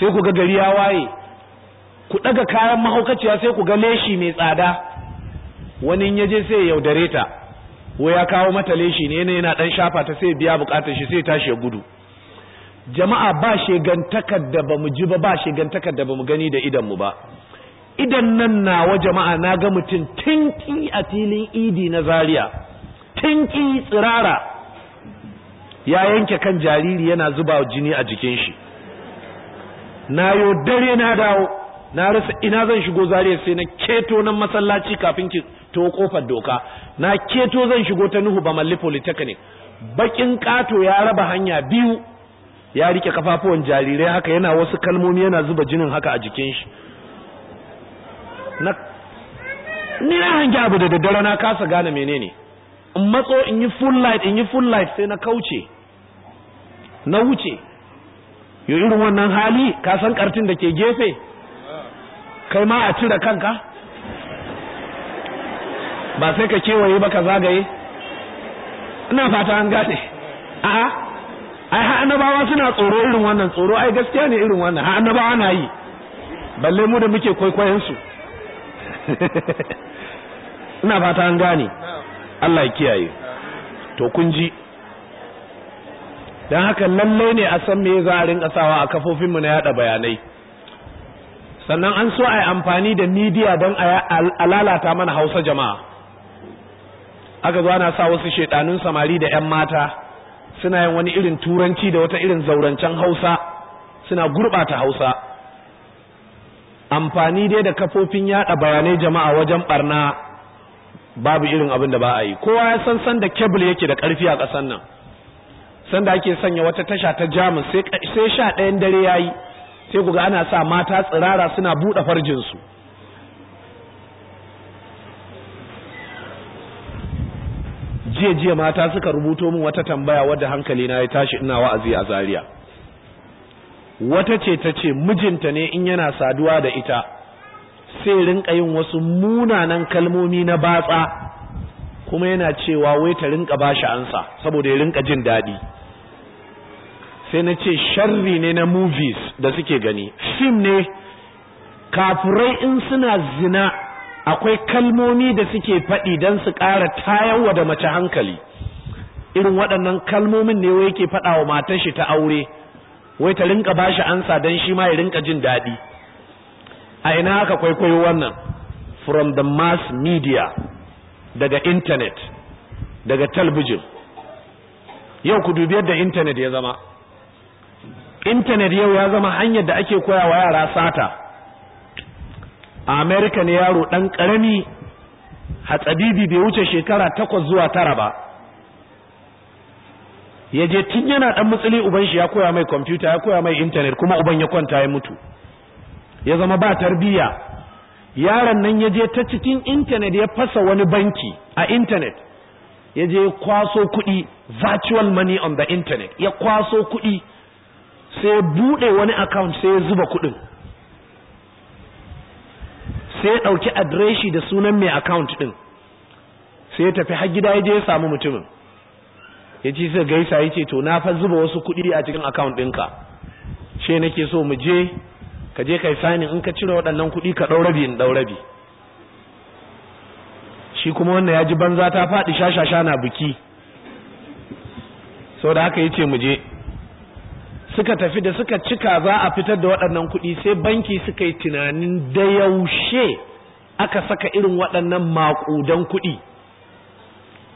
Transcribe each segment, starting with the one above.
sai ku ga gari ya waye ku daga kayan mahaukaciya sai ku ga leshi mai tsada wani ya je sai yaudare ta wa ya kawo mata leshi ne yana yana dan shafa ta sai biya bukatar shi sai tashi ya gudu jama'a ba gantakar da bamu ji ba ba gantakar da bamu gani da idan mu ba idan nan nawa jama'a na ga mutum tinki a filin idi na zaria tinki tsirara ya yanke kan jariri yana zuba jini a jikin shi na yo dare na dawo na rasa ina zan shigo zariya sai na keto nan masallaci kafin ki to kofar doka na keto zan shigo ta nuhu ba malli polytechnic bakin kato ya raba hanya biyu ya rike kafafuwan jarirai haka yana wasu kalmomi yana zuba jinin haka a jikin shi na ni na hangi abu da daddare na kasa gane menene in matso in yi full light in yi full light sai na kauce na wuce yo irin wannan hali ka san ƙarfin da ke gefe kai ma a cire kanka ba sai ka kewaye ba ka zagaye ina fata an gane A ai ha annabawa suna tsoro irin wannan tsoro ai gaskiya ne irin wannan ha annabawa na yi balle mu da muke kwaikwayon su ina fata an gane Allah ya kiyaye to kun ji don haka lallai ne a san me za a rinka sawa a kafofinmu na yada bayanai sannan an so a yi amfani da midiya don a lalata mana hausa jama'a aka zo ana sa wasu shaidanun samari da 'yan mata suna yin wani irin turanci da wata irin zaurancen hausa suna gurbata hausa amfani dai da kafofin yada bayanai jama'a wajen barna babu irin abin da ba a yi kowa ya san san da kebul yake da ƙarfi a ƙasar nan sanda ake sanya wata tasha ta jamus sai sha ɗayan dare ya yi sai kuga ana sa mata tsirara suna buɗe farjinsu jiya jiya mata suka rubuto min wata tambaya wadda hankali na ya tashi ina wa'azi a Zariya. wata ce ta ce mijinta ne in yana saduwa da ita sai rinka yin wasu munanan kalmomi na batsa kuma yana cewa wai ta rinka bashi ansa saboda ya rinka jin daɗi sai na ce sharri ne na movies da suke gani fim ne kafurai in suna zina akwai kalmomi da suke faɗi don su ƙara tayarwa da mace hankali irin waɗannan kalmomin ne wai yake faɗa wa matar shi ta aure wai ta rinka bashi ansa don shi ma ya rinka jin daɗi a ina aka kwaikwayo wannan from the mass media daga internet daga talbijin yau ku dubi yadda internet ya zama intanet yau ya zama hanyar da ake koya wa yara sata a amerika ne yaro ɗan ƙarami hatsabibi bai wuce shekara takwas zuwa tara ba ya je tun yana ɗan mutsili uban shi ya koya mai kwamfuta ya koya mai intanet kuma uban ya kwanta ya mutu ya zama ba tarbiya yaron nan ya je ta cikin intanet ya fasa wani banki a intanet ya je kwaso kuɗi virtual money on the internet ya kwaso kuɗi sai bude wani account sai ya zuba kuɗin sai ya ɗauki adireshi da sunan mai account din sai ya tafi har gida ya je ya samu mutumin ya ce sai gaisa ya ce to na fa zuba wasu kuɗi a cikin account ɗinka she nake so mu je ka je kai sani in ka cire waɗannan kuɗi ka ɗau rabi in ɗau rabi shi kuma wannan ya ji banza ta faɗi shashasha na buki sau da haka ya ce mu je suka tafi da suka cika za a fitar da waɗannan kuɗi sai banki suka yi tunanin da yaushe aka saka irin waɗannan maƙudan kuɗi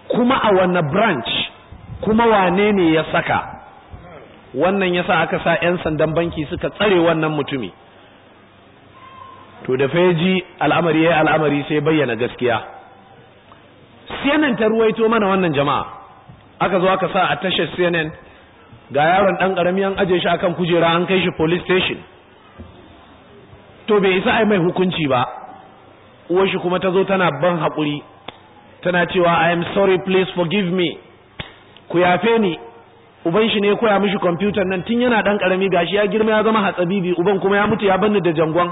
kuma a wane branch kuma wane ne ya saka wannan ya sa aka sa 'yan sandan banki suka tsare wannan mutumi to da feji al'amari ya yi al'amari sai bayyana gaskiya CNN ta ruwaito mana wannan jama'a aka zo aka sa a tashar CNN ga yaron ɗan ƙarami an aje shi akan kujera an kai shi police station to bai isa ai mai hukunci ba uwar shi kuma tazo tana ban hakuri tana cewa i am sorry please forgive me ku yafe ni uban shi ne ya koya mishi kwamfutar nan tun yana ɗan ƙarami gashi ya girma ya zama hatsabibi uban kuma ya mutu ya banni da jangon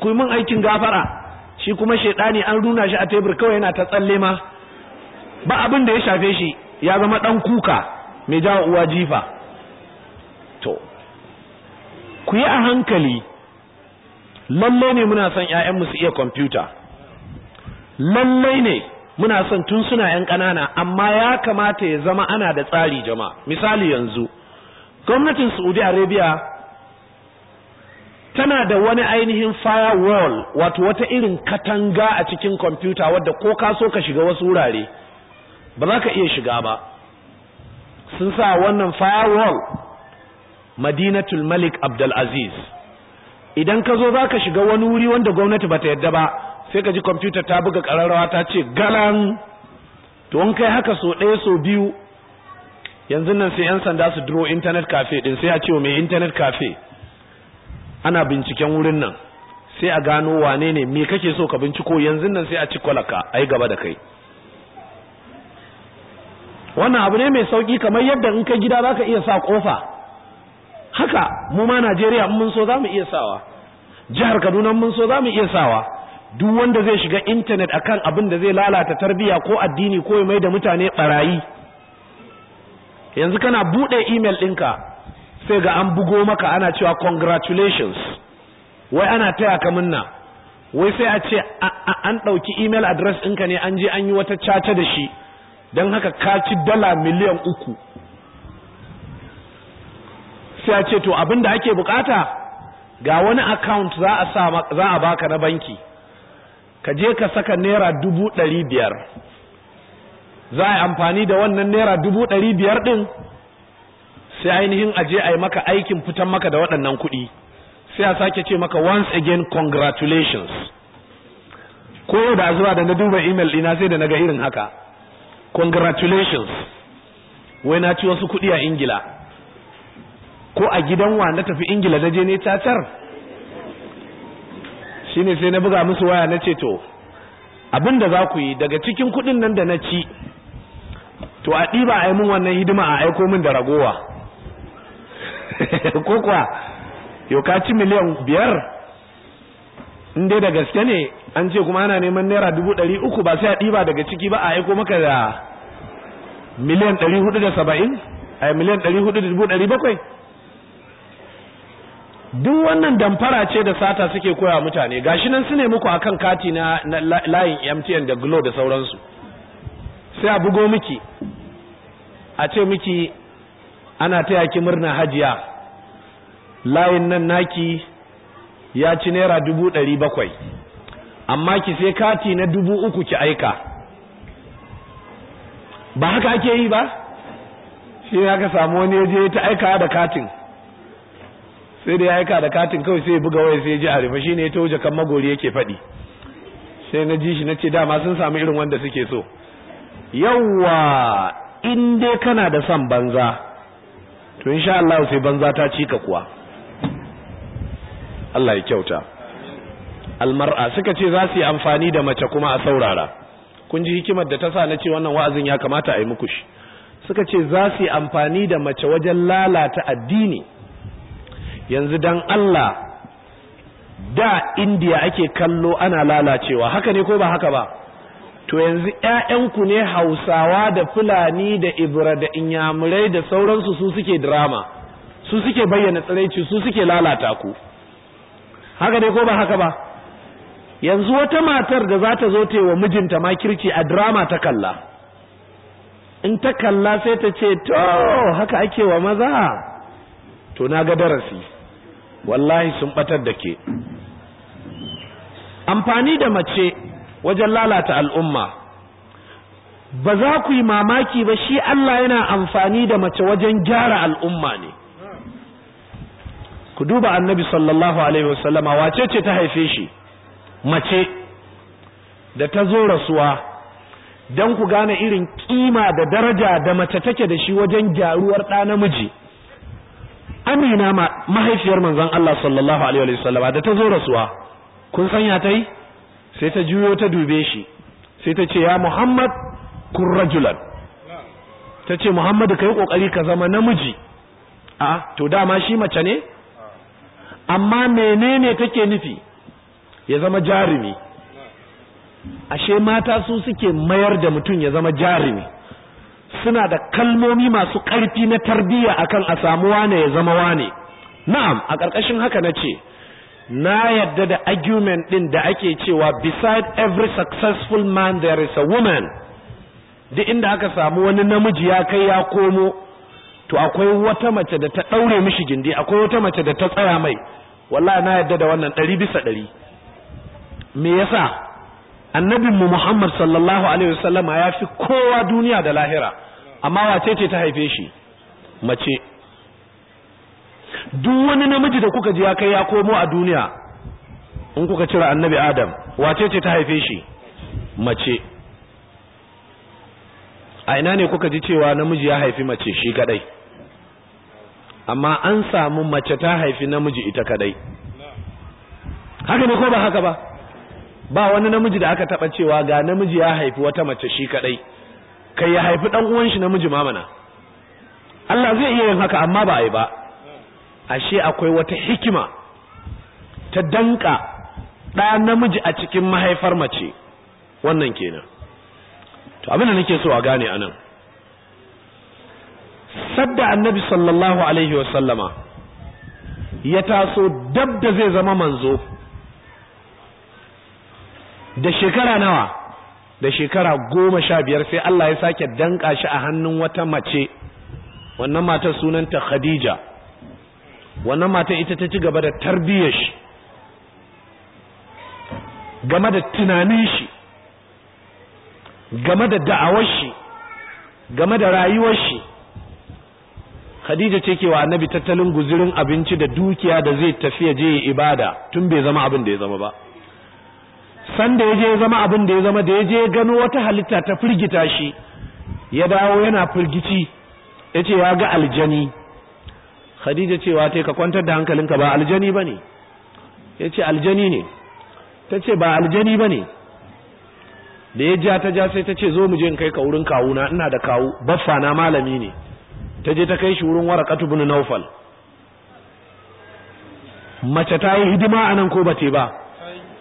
ku yi min aikin gafara shi kuma shedani an runa shi a tebur kawai yana ta tsalle ma ba abin da ya shafe shi ya zama ɗan kuka mai jawo uwa jifa ku yi a hankali lallai ne muna son ‘ya'yanmu su iya kwamfuta lallai ne muna son tun suna ‘yan ƙanana amma ya kamata ya zama ana da tsari jama'a misali yanzu gwamnatin saudi arabia tana da wani ainihin firewall wato wata irin katanga a cikin kwamfuta wadda ko ka so ka shiga wasu wurare ba za ka iya shiga ba sun sa wannan firewall madinatul malik abdulaziz idan ka zo za ka shiga wani wuri wanda gwamnati ba ta yadda ba sai ka ji kwamfuta ta buga ƙararrawa ta ce galan to in kai haka so ɗaya so biyu yanzu nan sai 'yan sanda su duro intanet cafe ɗin sai a ce mai intanet cafe ana binciken wurin nan sai a gano wane ne me kake so ka binciko yanzu nan sai a ci kwalaka a yi gaba da kai wannan abu ne mai sauƙi kamar yadda in kai gida za ka iya sa ƙofa haka mu ma Najeriya mun so za mu iya sawa jihar Kaduna mun so za mu iya sawa duk wanda zai shiga intanet akan abin da zai lalata tarbiyya ko addini ko ya mai da mutane barayi yanzu kana buɗe email ɗinka sai ga an bugo maka ana cewa congratulations wai ana taya ka munna wai sai a ce an ɗauki email address ɗinka ne an je an yi wata caca da shi don haka ka ci dala miliyan uku sai ya ce to abin da ake bukata ga wani account za a sa za a baka na banki ka je ka saka naira dubu ɗari biyar za a yi amfani da wannan naira dubu ɗari biyar ɗin sai ainihin a je a yi maka aikin fitan maka da waɗannan kuɗi sai a sake ce maka once again congratulations ko yau da zuwa da na duba email ɗina sai da na ga irin haka congratulations wai na ci wasu kuɗi a ingila ko a gidan wa na tafi ingila na je ne cacar ne sai na buga musu waya na ce to abin da za ku yi daga cikin kuɗin nan da na ci to a ɗiba a yi min wannan hidima a aiko min da ragowa ko kuwa yau ka ci miliyan biyar in dai da gaske ne an ce kuma ana neman naira dubu ɗari uku ba sai a ɗiba daga ciki ba a aiko maka da miliyan ɗari hudu da saba'in a eh, miliyan ɗari hudu da dubu ɗari bakwai duk wannan damfara ce da sata suke koya mutane gashi nan su ne muku akan kati na, layin MTN da Glo da sauransu sai a bugo miki a ce miki ana taya ki murna hajiya layin nan naki ya ci naira dubu ɗari bakwai amma ki sai kati na dubu uku ki aika ba haka ake yi ba shi ne aka samu wani ya je ta aika da katin sai da ya aika da katin kawai sai ya buga waya sai ya ji a rufe ne ya tawo jakan magori yake faɗi sai na ji shi na ce dama sun samu irin wanda suke so yawwa in dai kana da son banza to insha Allah sai banza ta ci ka kuwa Allah ya kyauta almar'a suka ce za su yi amfani da mace kuma a saurara kun ji hikimar da ta sa na ce wannan wa'azin ya kamata a yi muku shi suka ce za su yi amfani da mace wajen lalata addini yanzu dan Allah da indiya ake kallo ana lalacewa haka ne ko ba haka ba to yanzu ƴaƴanku ne hausawa da fulani da ibra da inyamurai da sauransu su suke drama su suke bayyana tsiraici su suke lalata ku haka ne ko ba haka ba yanzu wata matar da za ta zo ta yi wa mijinta kirki a drama ta kalla in ta kalla sai ta ce to haka ake wa maza to na ga darasi wallahi sun batar da ke amfani da mace wajen lalata al'umma ba za ku yi mamaki ba shi Allah yana amfani da mace wajen gyara al'umma ne ku duba annabi sallallahu alaihi wasallama wace ce ta haife shi mace da ta zo rasuwa don ku gane irin kima da daraja da mace take da shi wajen gyaruwar ɗa namiji amina ma mahaifiyar manzon Allah sallallahu alaihi wa sallama da ta zo rasuwa kun san ya tai sai ta juyo ta dube shi sai ta ce ya Muhammad kun rajulan ta ce Muhammad kai kokari ka zama namiji a to dama shi mace ne amma menene kake nufi ya zama jarumi ashe mata su suke mayar da mutum ya zama jarumi suna da kalmomi masu ƙarfi na tarbiyya akan a samu wane ya zama wane na'am a ƙarƙashin haka na ce na yadda da argument ɗin da ake cewa beside every successful man there is a woman duk inda aka samu wani namiji ya kai ya komo to akwai wata mace da ta ɗaure mishi gindi akwai wata mace da ta tsaya mai wala na yadda da wannan ɗari bisa ɗari me yasa annabinmu Muhammad sallallahu Alaihi wasallama ya fi kowa duniya da lahira amma wace ce ta haife shi mace duk wani namiji da kuka ji ya kai ya komo a duniya in kuka cira annabi adam wace ce ta haife shi mace a ina ne kuka ji cewa namiji ya haifi mace shi kadai amma an samu mace ta haifi namiji ita kadai haka ne ko ba haka ba ba wani namiji da aka taba cewa ga namiji ya haifi wata mace shi kadai kai ya haifi dan uwan shi namiji ma mana Allah zai iya yin haka amma ba ai ba ashe akwai wata hikima ta danka ɗa namiji a cikin mahaifar mace wannan kenan to abin da nake so a gane anan sadda annabi sallallahu alaihi wasallama ya taso dab da zai zama manzo da shekara nawa da shekara goma sha biyar sai Allah ya sake danƙa shi a hannun wata mace wannan matar sunanta khadija wannan matar ita ta ci gaba da tarbiyyar shi game da tunanin shi game da da'awar shi game da rayuwar shi khadija ce ke wa annabi tattalin guzurin abinci da dukiya da zai tafiya je ibada tun bai zama abin da ya zama ba sanda ya je zama abin da ya zama da ya je gano wata halitta ta firgita shi ya dawo yana firgici ya ce ya ga aljani khadija cewa ta ka kwantar da hankalinka ba aljani ba ne ya ce aljani ne ta ce ba aljani ba ne da ya ja ta ja sai ta ce zo mu je in kai ka wurin na ina da kawu baffa na malami ne ta je ta kai shi wurin warakatu bin naufal mace ta yi hidima a nan ko ba te ba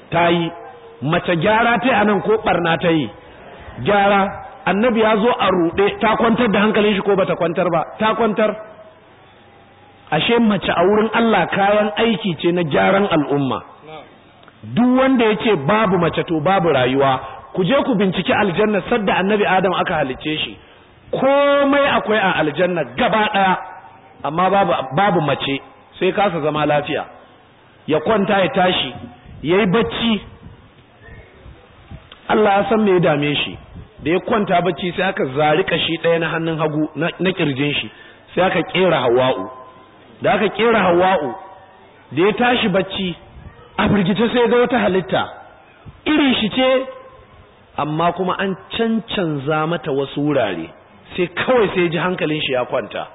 ta yi mace gyara ta yi anan ko barna ta yi gyara annabi ya zo a ruɗe ta kwantar da hankalin shi ko bata kwantar ba ta kwantar ashe mace a wurin Allah kayan aiki ce na gyaran al'umma duk wanda ya ce babu mace to babu rayuwa ku je ku binciki aljanna sadda annabi adam aka halicce shi komai akwai a aljanna gaba ɗaya amma babu babu mace sai kasa zama lafiya ya kwanta ya tashi yayi bacci Allah ya san me ya dame shi da ya kwanta bacci sai aka zari kashi ɗaya na hannun hagu na kirjin shi sai aka kera hawa'u da aka kera hawa'u da ya tashi bacci a firgice sai ga wata halitta irin shi ce amma kuma an cancanza mata wasu wurare sai kawai sai ji hankalin shi ya kwanta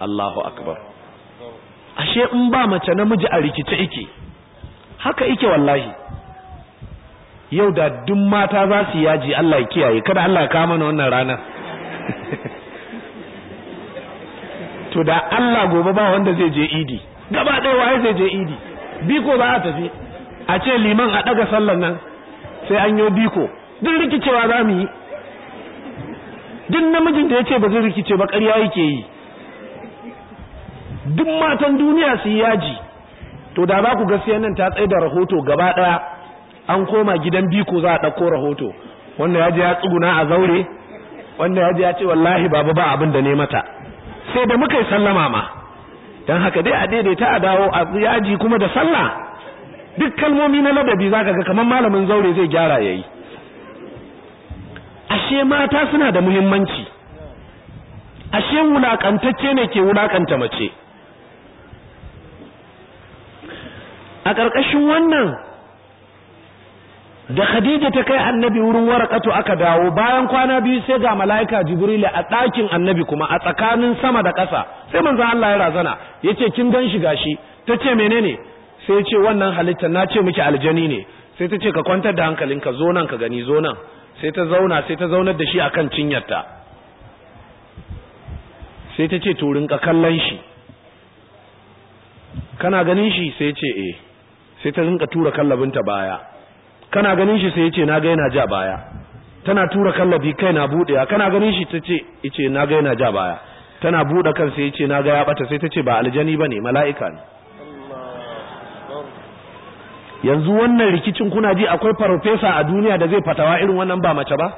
Allahu akbar ashe in ba mace namiji a rikice ike haka ike wallahi yau da duk mata za su yaji Allah ya kiyaye kada Allah ya kama na wannan rana to da Allah gobe ba wanda zai je idi gaba ɗaya waye zai je idi biko za a tafi a ce liman a ɗaga sallan nan sai an yi biko duk rikicewa za mu yi duk namijin da ya ce ba zai rikice ba ƙarya yake yi duk matan duniya su yi yaji to da ba ku ga nan ta tsaye da rahoto gaba ɗaya an koma gidan biko za a ɗauko rahoto wanda ya ji ya tsuguna a zaure wanda ya ji ya ce wallahi babu ba abin da ne mata sai da muka yi sallama ma don haka dai a daidaita a dawo a yaji kuma da sallah duk kalmomi na ladabi za ka ga kamar malamin zaure zai gyara ya yi ashe mata suna da muhimmanci ashe wulakantacce ne ke wulakanta mace a ƙarƙashin wannan da khadija ta kai annabi wurin warakatu aka dawo bayan kwana biyu sai ga mala'ika jibril a ɗakin annabi kuma a tsakanin sama da ƙasa sai manzo Allah ya razana yace kin gan shi gashi tace menene sai yace wannan halitta na ce miki aljani ne sai tace ka kwantar da hankalinka zo nan ka gani zo nan sai ta zauna sai ta zaunar da shi akan cinyarta sai ta to rinka kallon shi kana ganin shi sai ce eh sai ta rinka tura kallabinta baya kana ganin shi sai ya ce na ga yana ja baya tana tura kallabi kai na buɗewa kana ganin shi ta ce ice na ga yana ja baya tana bude kan sai ya ce na ya bata sai ta ce ba aljani ba ne mala'ika ne yanzu wannan rikicin kuna ji akwai farfesa a duniya da zai fatawa irin wannan ba mace ba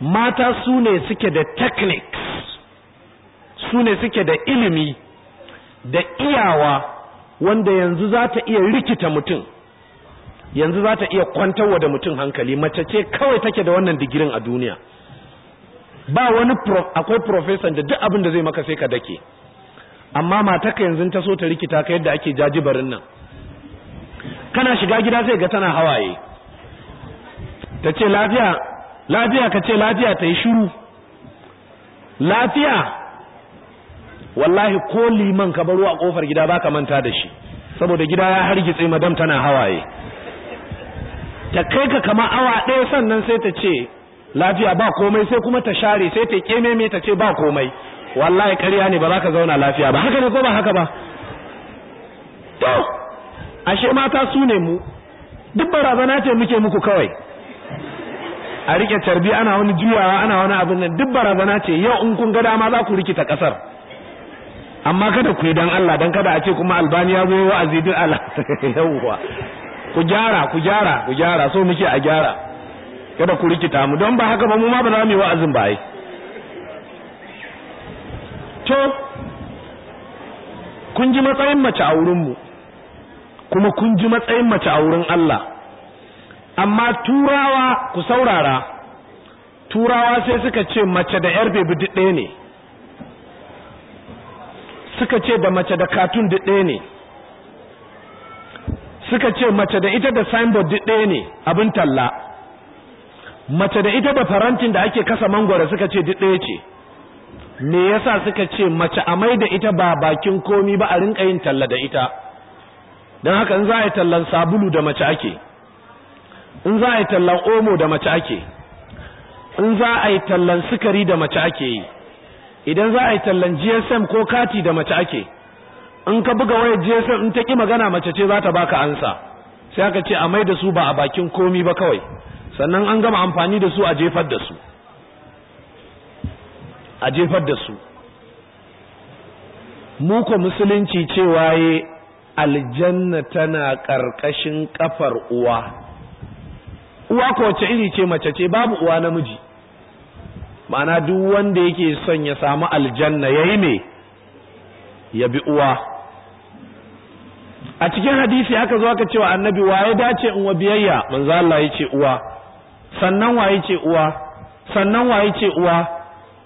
mata su ne suke da techniques su ne suke da ilimi da iyawa wanda yanzu za ta iya rikita mutum yanzu za ta iya kwantarwa da mutum hankali mace ce kawai take da wannan digirin a duniya ba wani akwai profesan da duk abin da zai maka sai ka dake amma mataka yanzu ta so ta rikita ka yadda ake jajibarin nan kana shiga gida sai ga tana hawaye ta ce lafiya lafiya ka ce lafiya ta yi shiru lafiya wallahi ko liman ka baro a kofar gida ka manta da shi saboda gida ya hargitse madam tana hawaye ta kai ka kama awa ɗaya sannan sai ta ce lafiya ba komai sai kuma ta share sai ta keme me ta ce ba komai wallahi karya ne ba za ka zauna lafiya ba haka ne ko ba haka ba to ashe mata su ne mu duk barazana ce muke muku kawai a rike carbi ana wani juyawa ana wani abin nan duk barazana ce yau in kun ga dama za ku rikita kasar amma kada ku yi dan Allah dan kada a ce kuma albani ya zo wa'azi duk Allah yawwa ku gyara ku gyara ku gyara so muke a gyara kada ku rikita mu don ba haka ba mu ma ba za mu yi wa'azin ba ai to kun ji matsayin mace a mu kuma kun ji matsayin mace a wurin Allah amma turawa ku saurara turawa sai suka ce mace da yar bebi duk ɗaya ne suka ce da mace da katun duk ne suka ce mace da ita da signboard duk ɗaya ne abin talla mace da ita da farantin da ake kasa mangwara suka ce duk ɗaya ce me yasa suka ce mace a mai da ita ba bakin komi ba a rinka yin talla da ita don haka in za a yi tallan sabulu da mace ake in za a yi tallan omo da mace ake in za a yi tallan sukari da mace ake yi idan za a yi tallan gsm ko kati da mace ake in ka buga wayar GSM in ta ki magana mace ce za ta baka ansa sai aka ce a mai da su ba a bakin komi ba kawai sannan an gama amfani da su a jefar da su a jefar da su mu musulunci cewa waye aljanna tana ƙarƙashin ƙafar uwa uwa ko wace iri ce mace ce babu uwa namiji ma'ana duk wanda yake son ya samu aljanna yayi ne ya bi uwa a cikin hadisi aka zo aka cewa annabi waye dace in wa biyayya manzo Allah yace uwa sannan waye ce uwa sannan waye ce uwa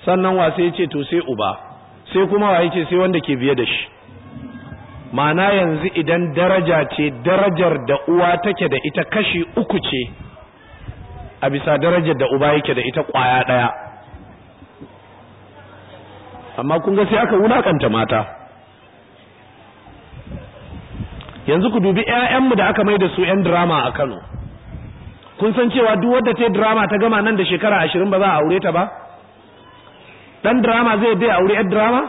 sannan wa sai yace to sai uba sai kuma waye ce sai wanda ke biye da shi ma'ana yanzu idan daraja ce darajar da uwa take da ita kashi uku ce a bisa darajar da uba yake da ita kwaya daya amma kun ga sai aka wulakanta mata yanzu ku dubi ƴaƴanmu da aka mai da su ƴan drama a Kano kun san cewa duk wadda ta drama ta gama nan da shekara ashirin ba za a aure ta ba dan drama zai dai aure ƴar drama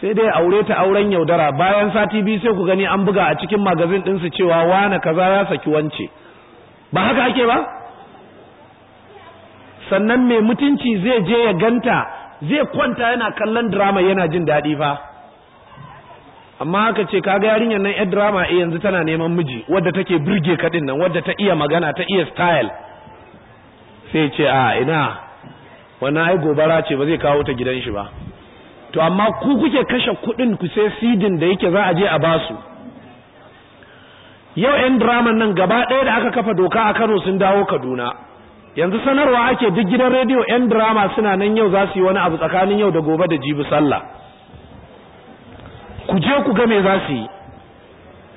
sai dai aure ta auren yaudara bayan sati biyu sai ku gani an buga a cikin magazin din su cewa wani kaza ya saki wance ba haka ake ba sannan mai mutunci zai je ya ganta zai kwanta yana kallon drama yana jin daɗi fa amma aka ce kaga yarinyar nan yar drama eh yanzu tana neman miji wadda take birge kaɗin nan wadda ta iya magana ta iya style sai ce a ina wannan ai gobara ce ba zai kawo ta gidan shi ba to amma ku kuke kashe kuɗin ku sai sidin da yake za a je a basu yau yan drama nan gaba ɗaya da aka kafa doka a Kano sun dawo Kaduna yanzu sanarwa ake duk gidan rediyo yan drama suna nan yau za su yi wani abu tsakanin yau da gobe da jibi sallah ku je ku ga me za su yi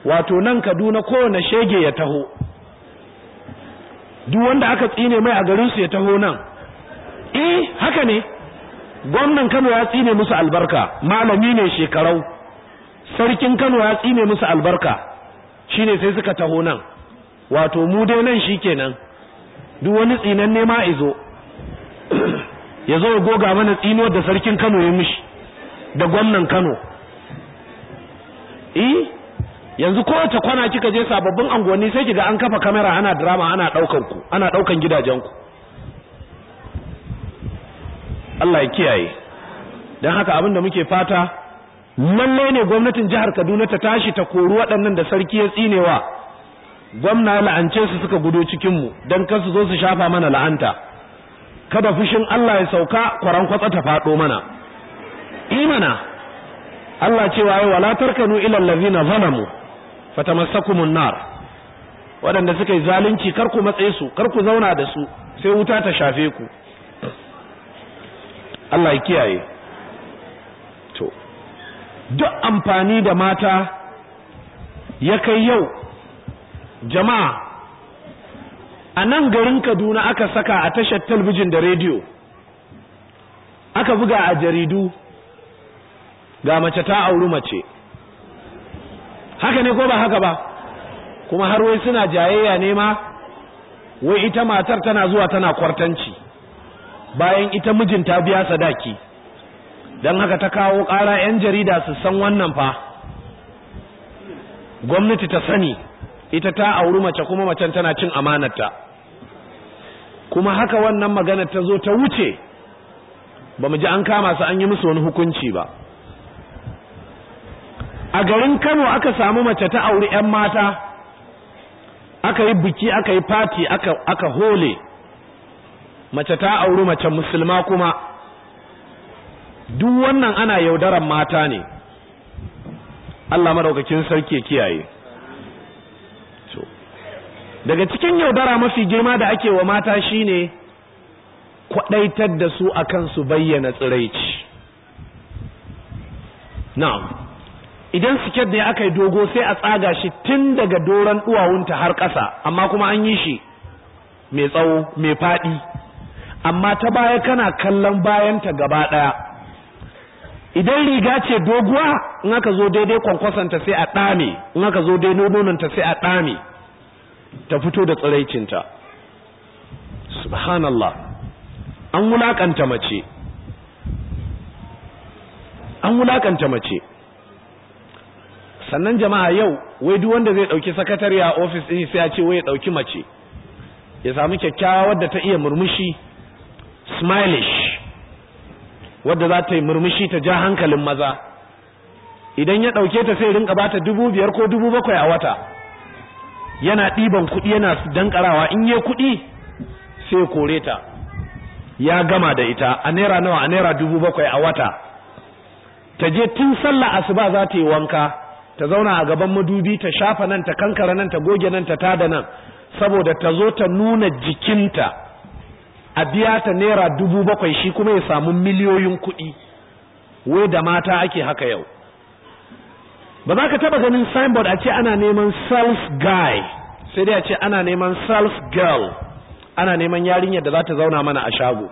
wato nan kaduna kowane shege ya taho duk wanda aka tsine mai a garin su ya taho nan eh haka ne gwamnan kano ya tsine musu albarka malami ne shekarau sarkin kano ya tsine musu albarka shine sai suka taho nan wato mu dai nan shi shikenan duk wani tsinan ne ma izo ya zo ya goga mana tsinuwar da sarkin kano ya mishi da gwamnan kano eh yanzu kowace kwana kika je sababbin anguwanni sai kiga an kafa kamera ana drama ana daukan ku ana daukan gidajen ku Allah ya kiyaye dan haka abin da muke fata lalle ne gwamnatin jihar Kaduna ta tashi ta kori waɗannan da sarki ya tsinewa gwamna ya la'ance su suka gudo cikin mu dan kar zo su shafa mana la'anta kada fushin Allah ya sauka kwaran kwatsa ta fado mana imana Allah cewa ai wala tarkanu ila allazina zalamu fatamassakumun nar waɗanda suka yi zalunci kar ku matse su kar ku zauna da su sai wuta ta shafe ku Allah ya kiyaye to duk amfani da mata ya kai yau jama'a a nan garin Kaduna aka saka a tashar talbijin da rediyo aka buga a jaridu ga mace ta auri mace haka ne ko ba haka ba kuma har wai suna jayayya ne ma wai ita matar tana zuwa tana kwartanci bayan ita mijin ta biya sadaki don haka ta kawo ƙara 'yan jarida su san wannan fa gwamnati ta sani ita ta auri mace kuma macen tana cin amanarta kuma haka wannan maganar ta zo ta wuce ba mu ji an kama su an yi musu wani hukunci ba a garin Kano aka samu mace ta auri ‘yan mata aka yi biki aka yi fati aka, hole mace ta auri mace musulma kuma duk wannan ana yaudaran mata ne Allah madaukakin sarki kiyaye daga cikin yaudara mafi girma da ake wa mata shine kwadaitar da su akan su bayyana tsiraici na'am idan siket ne aka yi dogo sai a tsaga shi tun daga doron duwawunta har ƙasa amma kuma an yi shi mai tsawo mai faɗi amma ta baya kana kallon bayanta gaba ɗaya idan riga ce doguwa in aka zo daidai kwankwasanta sai a ɗame in aka zo daidai nononta sai a ɗame ta fito da tsiraicinta subhanallah an wulaƙanta an wulaƙanta mace sannan jama'a yau wai duk wanda zai dauki sakatari a office din sai ya ce wai ya dauki mace ya samu kyakkyawa wadda ta iya murmushi smilish wadda za ta yi murmushi ta ja hankalin maza idan ya dauke ta sai rinka bata dubu biyar ko dubu bakwai a wata yana ɗiban kuɗi yana dankarawa in yi kuɗi sai kore ta ya gama da ita a naira nawa a naira dubu bakwai a wata ta je tun sallah asuba za ta yi wanka ta zauna a gaban madubi ta shafa nan ta kankara nan ta goge nan ta tada nan saboda ta zo ta nuna jikinta a biya ta naira dubu bakwai shi kuma ya samu miliyoyin kuɗi wai da mata ake haka yau ba za ka taɓa ganin signboard a ce ana neman sales guy sai dai a ce ana neman sales girl ana neman yarinyar da za ta zauna mana a shago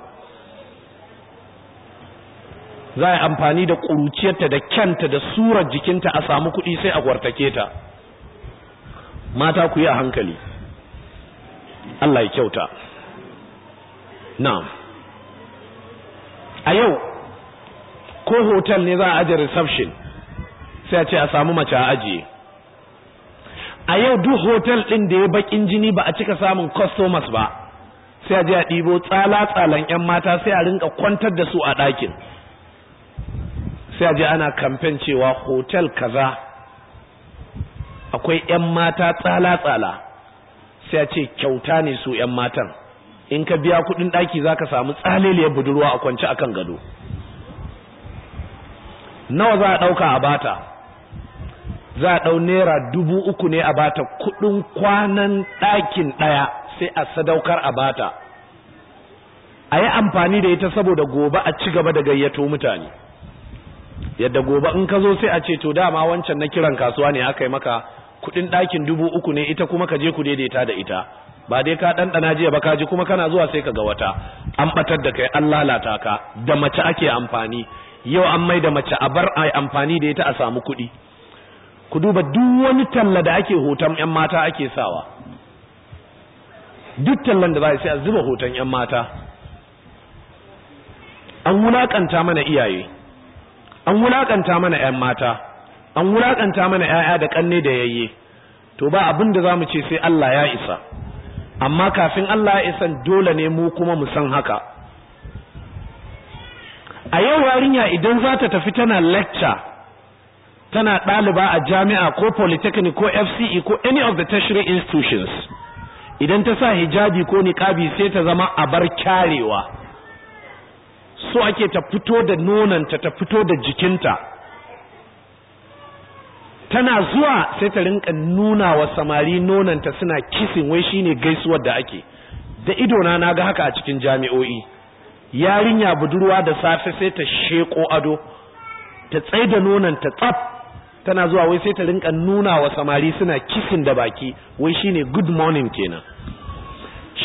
za a yi amfani da ƙuruciyarta da kyanta da surar jikinta a samu kuɗi sai a gwartake ta mata ku yi a hankali Allah ya kyauta na'am a yau ko hotel ne za a ajiye reception sai a ce a samu mace a ajiye a yau duk hotel ɗin da ya bakin jini ba a cika samun customers ba sai a je a ɗibo tsala-tsalan 'yan mata sai a rinka kwantar da su a ɗakin sai a je ana kamfen cewa hotel kaza akwai 'yan mata tsala-tsala sai a ce kyauta ne su 'yan matan in ka biya kudin daki za ka samu tsaliliyar budurwa a kwanci a kan gado nawa za a ɗauka a bata za a ɗau naira dubu uku ne a bata kudin kwanan ɗakin ɗaya sai a sadaukar a bata a yi amfani da ita saboda gobe a ci gaba da gayyato mutane yadda gobe in ka zo sai a ce to dama wancan na kiran kasuwa ne aka yi maka kudin ɗakin dubu uku ne ita kuma ka je ku daidaita da ita ba dai ka ɗanɗana jiya ba ka ji kuma kana zuwa sai ka ga wata an ɓatar da kai an lalata ka da mace ake amfani yau an mai da mace a bar a amfani da ita a samu kuɗi ku duba duk wani talla da ake hoton 'yan mata ake sawa duk tallan da za a sai a zuba hoton 'yan mata an wulaƙanta mana iyaye an wulakanta mana 'yan mata an wulakanta mana 'ya'ya da kanne da yayye to ba abin da zamu ce sai Allah ya isa amma kafin Allah ya isa dole ne mu kuma mu san haka a yau yarinya idan za ta tafi tana lecture tana ɗaliba a jami'a ko polytechnic ko FCE ko any of the tertiary institutions idan ta sa hijabi ko niƙabi sai ta zama abar kyarewa so ake ta fito da nonanta ta fito da jikinta tana zuwa sai ta rinka nuna wa samari nonanta suna kisin wai shine gaisuwar da ake da idona na ga haka a cikin jami'o'i yarinya budurwa da safe sai ta sheko ado ta tsaye da nonanta tsaf tana zuwa wai sai ta rinka nuna wa samari suna kisin da baki wai shine good morning kenan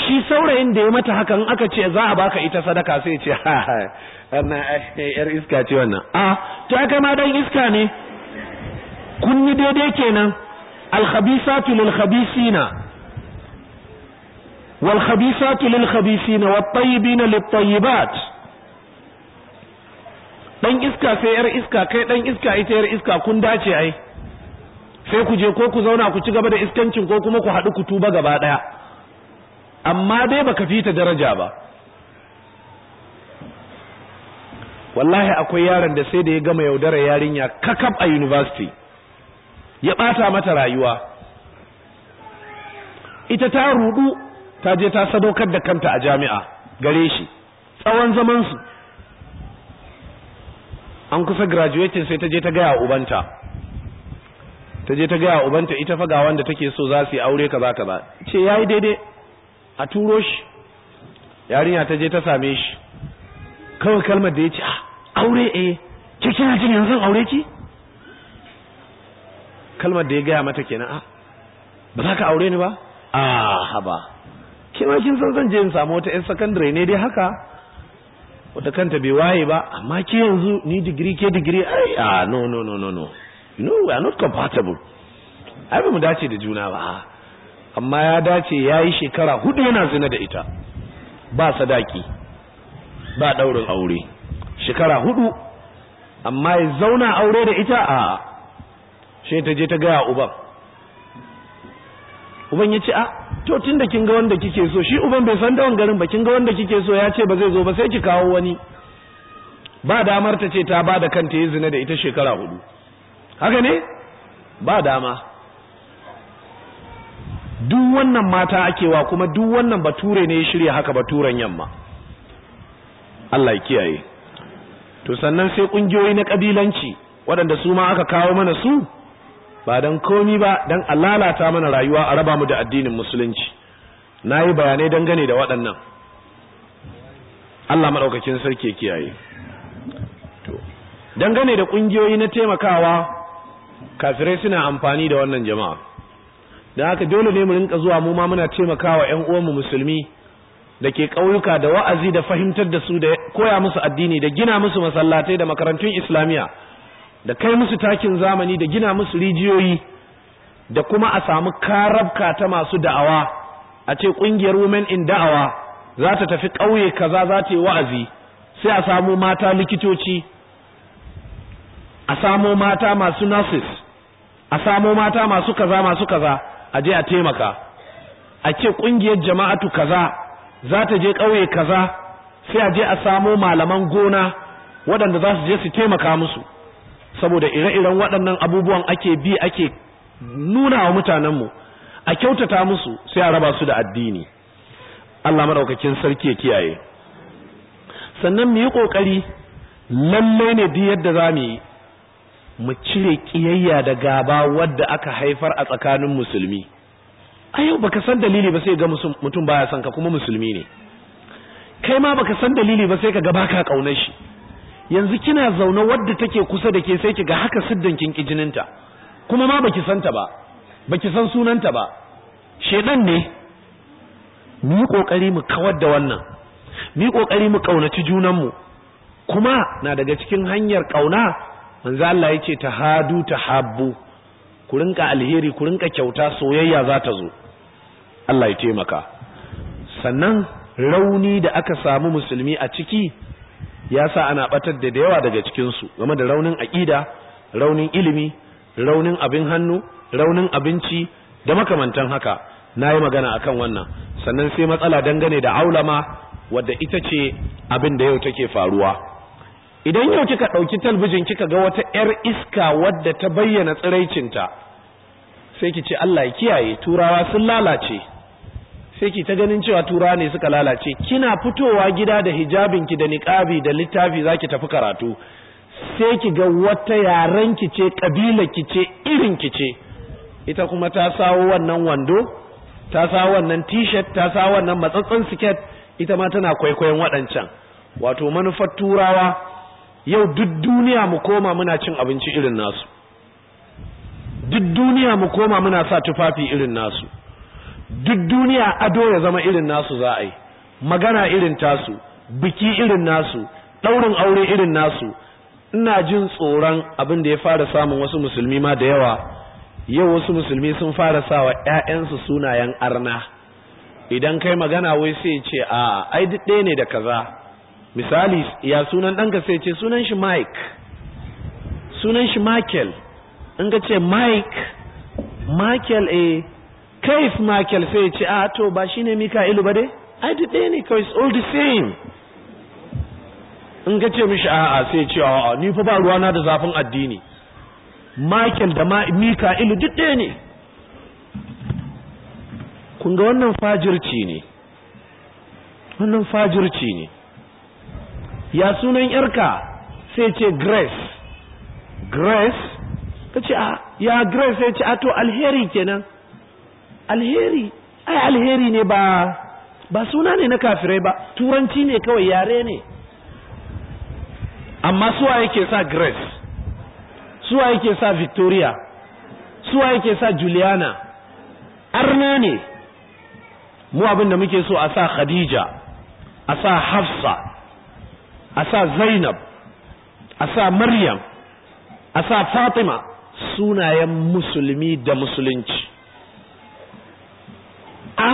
shi saurayin da ya mata hakan aka ce za a baka ita sadaka sai ce ha wannan yar iska ce wannan a to aka ma dan iska ne kun daidai kenan alkhabisatu lil khabisina wal khabisatu lil khabisina wat tayyibina lit tayyibat dan iska sai yar iska kai dan iska ita yar iska kun dace ai sai ku je ko ku zauna ku ci gaba da iskancin ko kuma ku haɗu ku tuba gaba ɗaya amma dai baka fita daraja ba wallahi akwai yaron da sai da ya gama yaudara yarinya kakab a university ya bata mata rayuwa ita ta rudu ta je ta sadaukar da kanta a jami'a gare shi tsawon zaman su an kusa graduating sai ta je ta gaya ubanta ta je ta gaya ubanta ita fa ga wanda take so za su yi aure kaza kaza ce yayi daidai a turo shi yarinya ta je ta same shi kawai kalmar da ya ce ah, aure eh ke kina jin yanzu aure ki kalmar da ya gaya mata kenan a ah, ba za ka aure ni ba a ah, haba ke ma kin san zan je in samu wata 'yan sakandare ne dai haka wata kanta bai waye ba amma ke yanzu ni digiri ke digiri ai ah no no no no no you know we are not compatible ai ba mu dace da juna ba amma ya dace ya yi shekara hudu yana zina da ita ba sadaki ba ɗaurin aure shekara hudu amma ya zauna aure da ita a shi ta je ta gaya uban uban ya ce a to tun da kin ga wanda kike so shi uban bai san dawon garin ba kinga wanda kike so ya ce ba zai zo ba sai ki kawo wani ba damar ta ce ta ba da kanta ya zina da ita shekara hudu haka ne ba dama duk wannan mata ake wa kuma duk wannan bature ne ya shirya haka baturen yamma Allah ya kiyaye to sannan sai kungiyoyi na kabilanci waɗanda su ma aka kawo mana su ba dan komi ba dan a lalata mana rayuwa a raba mu da addinin musulunci nayi bayanai dangane da waɗannan Allah madaukakin sarki kiyaye dangane da kungiyoyi na taimakawa kafirai suna amfani da wannan jama'a Da haka dole ne mu rinka zuwa mu ma muna taimakawa ƴan uwanmu musulmi da ke ƙauyuka da wa'azi da fahimtar da su da koya musu addini da gina musu masallatai da makarantun islamiya da kai musu takin zamani da gina musu rijiyoyi da kuma a samu karabka ta masu da'awa a ce ƙungiyar women in da'awa za ta tafi ƙauye kaza za ta yi wa'azi sai a samu mata likitoci a samu mata masu nurses a samu mata masu kaza masu kaza a je a taimaka a ce kungiyar jama'atu kaza za ta je ƙauye kaza sai a je a samo malaman gona waɗanda za su je su taimaka musu saboda ire-iren waɗannan abubuwan ake bi ake nuna wa mutanenmu a kyautata musu sai a raba su da addini Allah maɗaukakin sarki ya kiyaye sannan mu yi ƙoƙari lallai ne duk yadda za mu yi mu cire ƙiyayya da gaba wadda aka haifar a tsakanin musulmi a yau baka san dalili ba sai ga mutum baya son ka kuma musulmi ne kai ma baka san dalili ba sai ka ga baka kauna shi yanzu kina zaune wadda take kusa da ke sai ki ga haka siddan kin kijininta kuma ma baki santa ba baki san sunanta ba shedan ne mu yi kokari mu kawar da wannan mu yi kokari mu kaunaci junanmu kuma na daga cikin hanyar kauna manzo Allah hadu tahadu tahabbu ku rinka alheri ku rinka kyauta soyayya za ta zo Allah ya taimaka sannan rauni da aka samu musulmi a ciki ya sa ana batar da yawa daga cikin su game da raunin aƙida, raunin ilimi raunin abin hannu raunin abinci da makamantan haka na yi magana akan wannan sannan sai matsala dangane da aulama wadda ita ce abin da yau take faruwa idan yau kika ɗauki talbijin kika ga wata 'yar iska wadda ta bayyana tsiraicinta sai ki ce Allah ya kiyaye turawa sun lalace sai ki ta ganin cewa turawa ne suka lalace kina fitowa gida da hijabinki da niƙabi da littafi za ki tafi karatu sai ki ga wata yarenki ki ce kabila ki ce irin ki ce ita kuma ta sawo wannan wando ta sawo wannan t-shirt ta sawo wannan matsatsan siket ita ma tana kwaikwayon waɗancan wato manufar turawa yau duk duniya mu koma muna cin abinci irin nasu duk duniya mu koma muna sa tufafi irin nasu duk duniya ado ya zama irin nasu za a yi magana irin tasu biki irin nasu ɗaurin aure irin nasu ina jin tsoron abin da ya fara samun wasu musulmi ma da yawa yau wasu musulmi sun fara sawa ƴaƴansu sunayen arna idan kai magana wai sai ce a ai duk ɗaya ne da kaza misali ya sunan ɗanka sai ce sunan shi mike sunan shi michael in ka ce mike michael a eh, kaif michael sai ce a ah, to ba shi ne mika'ilu ba dai ai da ɗaya ne kawai it's all the same in ka ce mishi a'a sai ce a'a ni fa ba ruwana da zafin addini Michael da Mika'ilu duk ɗaya ne kun ga wannan fajirci ne wannan fajirci ne ya sunan yarka sai ce grace grace ta ce a ah, ya grace sai ce a ah, to alheri kenan alheri ai alheri ne ba ba suna ne na kafirai ba turanci ne kawai yare ne amma suwa yake sa grace suwa yake sa victoria suwa yake sa juliana arna ne mu abin da muke so a sa khadija a sa hafsa a sa zainab a sa maryam a sa fatima sunayen musulmi da musulunci a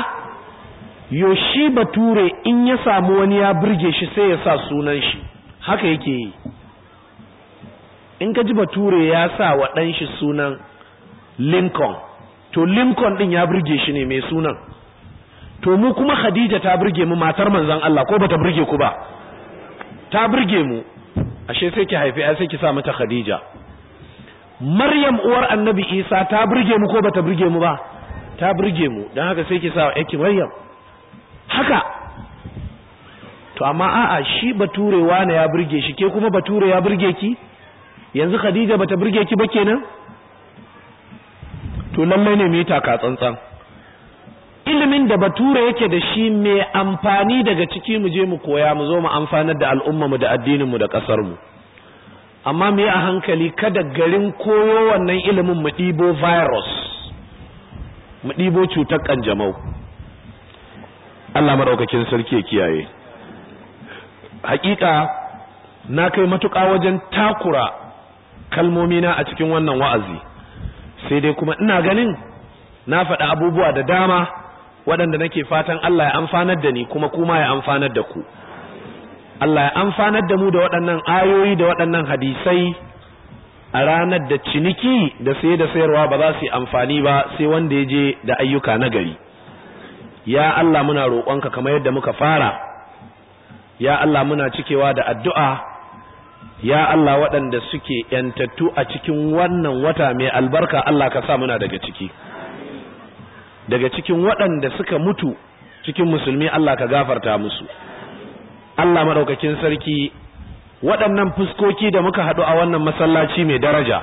yoshi bature in ya samu wani ya birge shi sai ya sa sunan shi haka yake yi in ka ji bature ya sa wa ɗan shi sunan lincoln to lincoln ɗin ya birge shi ne mai sunan to mu kuma khadija ta birge mu matar manzon Allah ko bata birge ku ba ta burge mu ashe sai ki haife ya sai ki sa mata khadija maryam uwar annabi isa ta burge mu ko bata burge mu ba ta burge mu don haka sai ki sa wa yake maryam haka to amma a'a shi baturewa ne ya burge shi ke kuma bature ya burge ki yanzu khadija bata burge ki ba kenan to lallai ne mita ka taka tsantsan ilimin da bature yake da shi mai amfani daga ciki mu je mu koya mu zo mu amfanar da al'ummarmu da addininmu da ƙasarmu amma mu yi a hankali kada garin koyo wannan ilimin mu ɗibo virus mu ɗibo cutar ƙanjamau Allah maɗaukakin sarki ya kiyaye hakika na kai matuƙa wajen takura kalmomina a cikin wannan wa'azi sai dai kuma ina ganin na faɗa abubuwa da dama waɗanda nake fatan Allah ya amfanar da ni kuma kuma ya amfanar da ku Allah ya amfanar da mu da waɗannan ayoyi da waɗannan hadisai a ranar da ciniki da sai da sayarwa ba za su yi amfani ba sai wanda ya je da ayyuka nagari. gari ya Allah muna roƙonka kamar yadda muka fara ya Allah muna cikewa da addu'a ya Allah waɗanda suke ‘yantattu a cikin wannan wata mai albarka Allah ka sa muna daga ciki. daga cikin waɗanda suka mutu cikin musulmi Allah ka gafarta musu Allah maɗaukakin sarki waɗannan fuskoki da muka haɗu a wannan masallaci mai daraja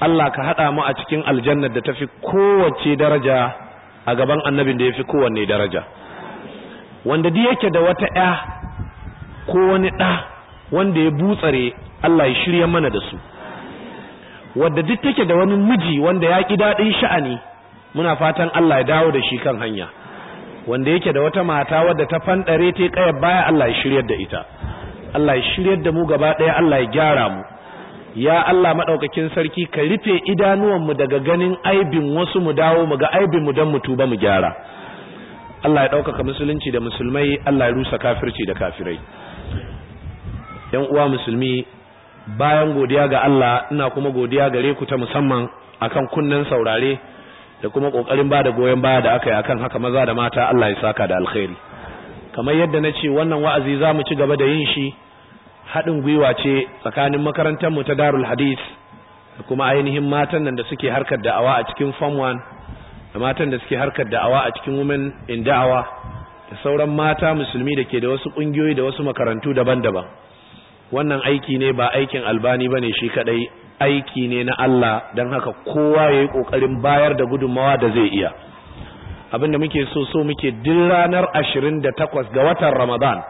Allah ka haɗa mu a cikin aljannar da tafi kowace daraja a gaban annabin da ya fi kowanne daraja wanda di yake da wata ɗa ko wani ɗa wanda ya butsare Allah ya shirya mana da su wadda duk take da wani miji wanda ya ƙi daɗin sha'ani muna fatan Allah ya dawo da shi kan hanya wanda yake da wata mata wadda ta fanɗare ta kayar baya Allah ya shiryar da ita Allah ya shiryar da mu gaba ɗaya Allah ya gyara mu ya Allah maɗaukakin sarki ka rufe idanuwanmu daga ganin aibin wasu mu dawo mu ga aibin mu don mu tuba mu gyara Allah ya ɗaukaka musulunci da musulmai Allah ya rusa kafirci da kafirai ‘yan uwa musulmi bayan godiya ga Allah ina kuma godiya gare ku ta musamman akan kunnen saurare da kuma kokarin bada goyen baya da aka yi akan haka maza da mata Allah ya saka da alkhairi kamar yadda na ce wannan wa'azi za mu ci gaba da yin shi haɗin gwiwa ce tsakanin makarantar mu ta Darul Hadith da kuma ainihin matan nan da suke harkar da'awa a cikin Form 1 da matan da suke harkar da'awa a cikin Women in Da'awa da sauran mata musulmi da ke da wasu ƙungiyoyi da wasu makarantu daban-daban wannan aiki ne ba aikin albani bane shi kadai aiki ne na Allah don haka kowa ya yi ƙoƙarin bayar da gudunmawa da zai iya abinda muke so so muke duk ranar ashirin da takwas ga watan ramadan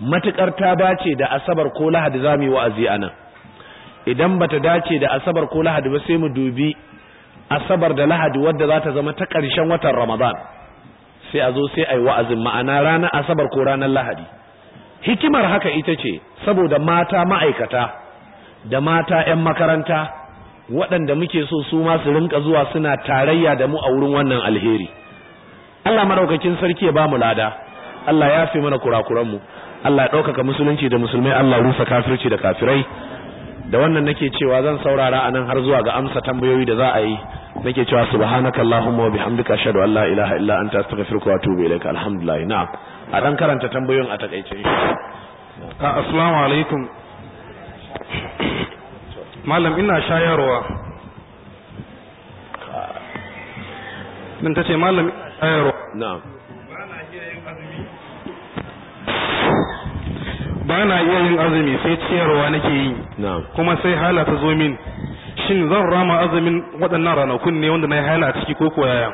matukar ta dace da asabar ko lahadi za mu yi wa'azi a nan idan ba ta dace da asabar ko lahadi ba sai mu dubi asabar da lahadi wadda za ta zama ta ƙarshen watan ramadan sai a zo sai a yi wa'azin ma'ana ranar asabar ko ranar lahadi hikimar haka ita ce saboda mata ma'aikata da mata 'yan makaranta waɗanda muke so su ma su rinka zuwa suna tarayya da mu a wurin wannan alheri Allah maraukakin sarki ya ba mu lada Allah ya fi mana kurakuranmu Allah ya ɗaukaka musulunci da musulmai Allah rusa kafirci da kafirai da wannan nake cewa zan saurara a nan har zuwa ga amsa tambayoyi da za a yi nake cewa subhanakallahumma wa bihamdika ashhadu an la ilaha illa anta astaghfiruka wa atubu ilaika alhamdulillah na a dan karanta tambayoyin a takeice assalamu alaikum malam ina shayarwa nan ta ce malam ina shayarwa ba na iya yin azumi sai ciyarwa nake yi kuma sai hala ta zo min shin zan rama azumin waɗannan ranakun ne wanda na yi hala ciki ko koyaya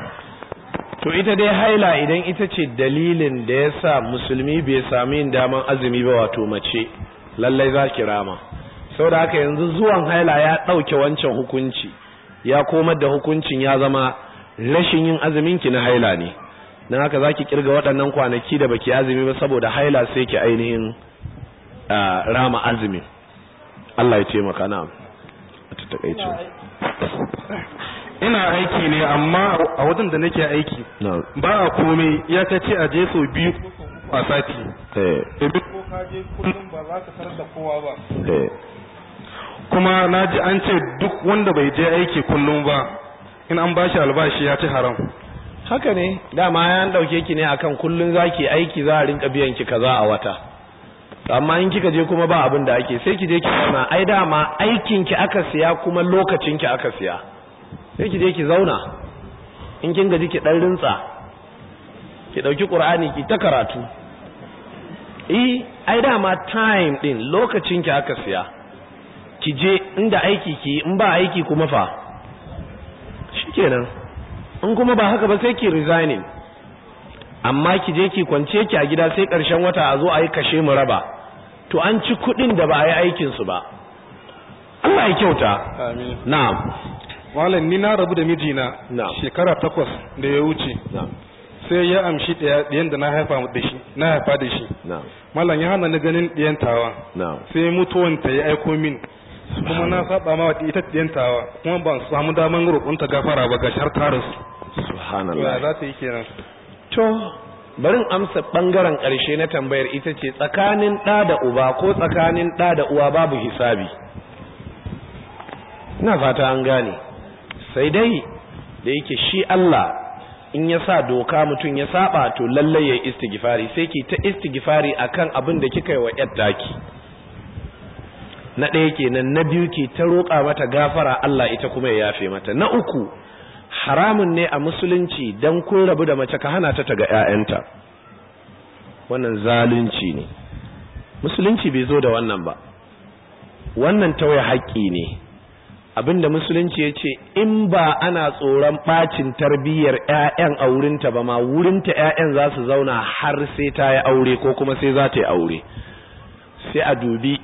to ita dai haila idan ita ce dalilin da ya sa musulmi bai sami yin daman azumi ba wato mace lallai za ki rama Sau da haka yanzu zuwan haila ya ɗauke wancan hukunci ya komar da hukuncin ya zama rashin yin azumin ki na haila ne don haka za ki kirga waɗannan kwanaki da baki azumi ba saboda haila sai ki ainihin rama azumi Allah ya taimaka na takaice ina aiki ne amma a wajen da nake aiki ba a komai ya ta ce a je so biyu a sati ebe eh. ko ka je kullum ba za ka sanar da kowa ba eh. kuma na ji an ce duk wanda bai je aiki kullum ba in an bashi albashi ya ci haram haka ne dama ya dauke ki ne akan kullum zaki aiki za a rinka biyan ki kaza a wata amma in kika je kuma ba abin da ake sai ki je ki zauna ai dama aikin ki aka siya kuma lokacin ki aka siya sai ki je ki zauna in kin gaji ki dan rintsa ki dauki qur'ani ki ta karatu eh ai dama time din lokacin ki aka siya ki je inda aiki ki in ba aiki kuma fa shikenan in kuma ba haka ba sai ki resigning amma ki je ki kwance ki a gida sai karshen wata a zo a yi kashe mu raba to an ci kudin da ba a yi aikin su ba Allah ya kyauta amin na'am malam ni na rabu da mijina shekara takwas da ya wuce sai ya amshi ɗayan da na haifa da shi na haifa da shi malam ya hana ni ganin ɗiyan tawa sai mutuwanta ya aiko min kuma na saba ma wata ita ɗintawa kuma ban samu daman roƙonta gafara ba ga shar taris subhanallah za ta yi kenan to barin amsa bangaren ƙarshe na tambayar ita ce tsakanin ɗa da uba ko tsakanin ɗa da uwa babu hisabi ina fata an gane sai dai da yake shi Allah in ya sa doka mutum ya saba to lallai ya istigifari sai ki ta istigifari akan abin da kika yi wa yar taki na ɗaya kenan na biyu ke ta roƙa mata gafara Allah ita kuma ya yafe mata na uku haramun ne a musulunci don kun rabu da mace ka hana ta taga ga 'ya'yanta wannan zalunci ne musulunci bai zo da wannan ba wannan tauye haƙƙi ne abinda musulunci ya ce in ba ana tsoron ɓacin tarbiyyar 'ya'yan a wurinta ba ma wurinta 'ya'yan za su zauna har sai ta yi aure ko kuma sai za ta yi aure sai a dubi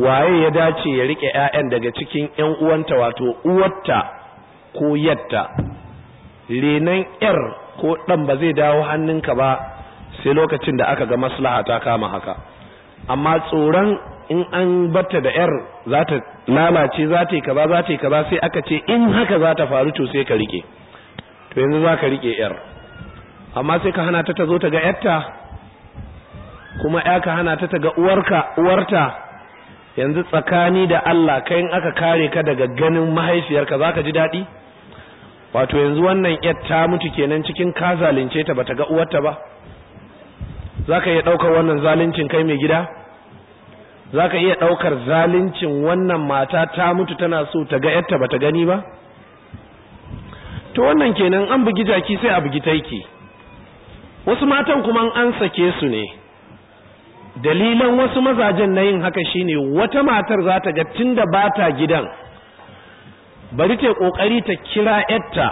waye ya dace ya rike ƴaƴan daga cikin ƴan uwanta wato uwarta ko yatta lenan ƴar ko ɗan ba zai dawo hannunka ba sai lokacin da aka ga maslaha ta kama haka amma tsoron in an batta da ƴar za ta lalace za ta yi kaza za ta yi kaza sai aka ce in haka za ta faru to sai ka rike to yanzu za ka rike ƴar amma sai ka hana ta ta zo ta ga ƴarta kuma ƴa ka hana ta ta ga uwarka uwarta yanzu tsakani da Allah kai in aka kare ka daga ganin mahaifiyarka zaka ji daɗi wato yanzu wannan yar ta mutu kenan cikin ka zalunce ta bata ga uwarta ba zaka iya ɗaukar wannan zaluncin kai mai gida zaka iya ɗaukar zaluncin wannan mata ta mutu tana so ta ga 'yar ta bata gani ba to wannan kenan an bugi jaki sai a bugi taiki wasu matan kuma an sake su ne dalilan wasu mazajen na yin haka shine wata matar za ta ga tunda ba ta gidan bari ta kokari ta kira yatta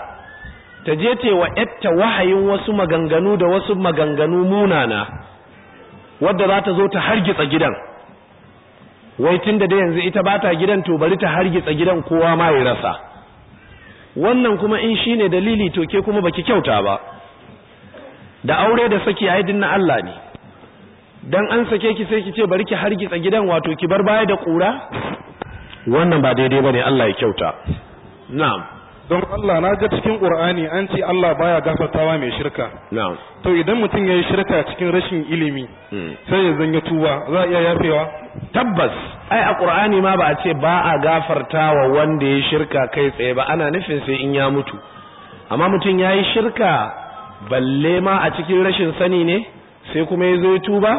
ta je ta wa yatta wahayin wasu maganganu da wasu maganganu munana wadda za ta zo ta hargitsa gidan wai tunda da yanzu ita ba ta gidan to bari ta hargitsa gidan kowa ma ya rasa wannan kuma in shine dalili to ke kuma baki kyauta ba da aure da saki aidin na Allah ne dan an sake ki sai ki ce bari ki hargitsa gidan wato ki bar baya da kura wannan ba daidai bane Allah ya kyauta na'am don Allah na ga cikin Qur'ani an ce Allah baya gafartawa mai shirka na'am to idan mutum yayi shirka cikin rashin ilimi hmm. sai ya zanya tuba za iya yafewa tabbas ai a Qur'ani ma ba a ce ba a gafartawa wanda ya shirka kai tsaye ba ana nufin sai in ya mutu amma mutum yayi shirka balle ma a cikin rashin sani ne sai kuma ya zo ya tuba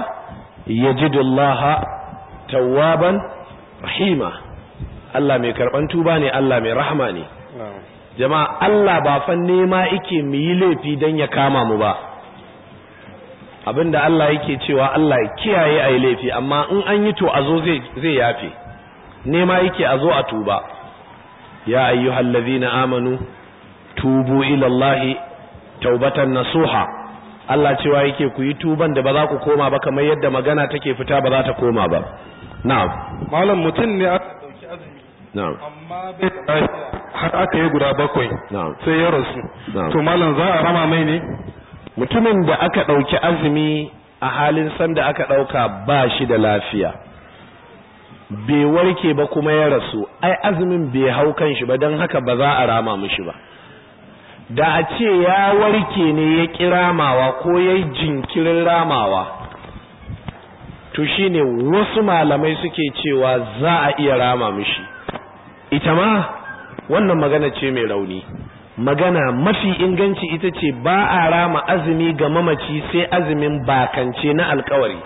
yajidullaha tawwaban rahima Allah mai karban tuba ne Allah mai rahama ne jama'a Allah ba fa nema yake mu yi laifi dan ya kama mu ba abinda Allah yake cewa Allah ya kiyaye ayi laifi amma in an yi to azo zai zai yafe nema yake azo a tuba ya ayyuhallazina amanu tubu ila Allah taubatan nasuha Allah cewa yake ku yi tuban da ba za ku koma ba kamar yadda magana take fita ba za ta koma ba na'am malam mutum ne aka dauki azumi na'am amma bai da har aka yi guda bakwai na'am sai ya rasu to malam za a rama mai ne mutumin da aka dauki azumi a halin sanda aka dauka ba shi da lafiya bai warke ba kuma ya rasu ai azumin bai hau kan shi ba don haka ba za a rama mishi ba da a ce ya warke ne ya ƙi ramawa ko ya yi jinkirin ramawa to shi ne wasu malamai suke cewa za a iya rama mishi ita ma wannan magana ce mai rauni magana mafi inganci ita ce ba a rama azumi ga mamaci sai azumin bakance na alkawari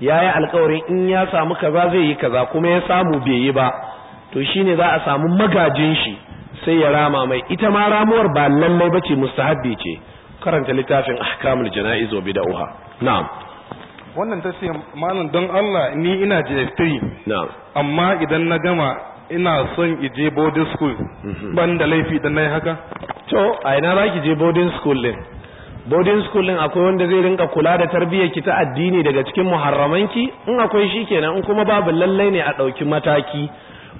ya yi alkawarin in ya samu kaza zai yi kaza kuma ya samu bai yi ba to shi ne za a samu magajin shi sai ya rama mai ita ma ramuwar ba lallai ba ce mustahabbi ce karanta littafin ahkamul jana'iz wa bid'ah na'am wannan ta ce malam don Allah ni ina JS3 amma idan na gama ina son ije boarding school mhm. ban da laifi dan nayi haka to a ina za ki je boarding school din boarding school din akwai wanda zai rinka kula da tarbiyyar ki ta addini daga cikin muharramanki in akwai shikenan in kuma babu lallai ne a dauki mataki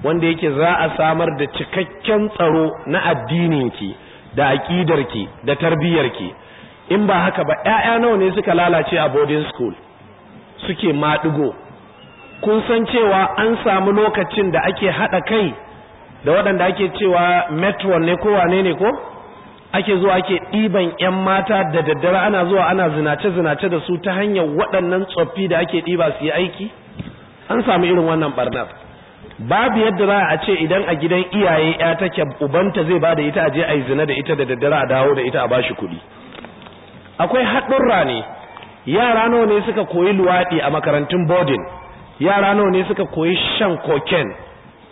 wanda yake za a samar da cikakken tsaro na addininki da aƙidarki da tarbiyyarki in ba haka ba ‘ya'ya nawa ne suka lalace a boarding school suke maɗigo kun san cewa an samu lokacin da ake haɗa kai da waɗanda ake cewa metron ne ko wane ne ko ake zuwa ake ɗiban ‘yan mata da daddare ana zuwa ana zinace-zinace da su ta hanyar waɗannan tsoffi da ake ɗiba su yi aiki an samu irin wannan ɓarnar babu yadda za a ce idan a gidan iyaye ya take ubanta zai ba da ita a je a yi zina da ita da daddare a dawo da ita a bashi kuɗi akwai haɗurra ne yara nawa ne suka koyi luwaɗi a makarantun Bodin? yara nawa ne suka koyi shan koken,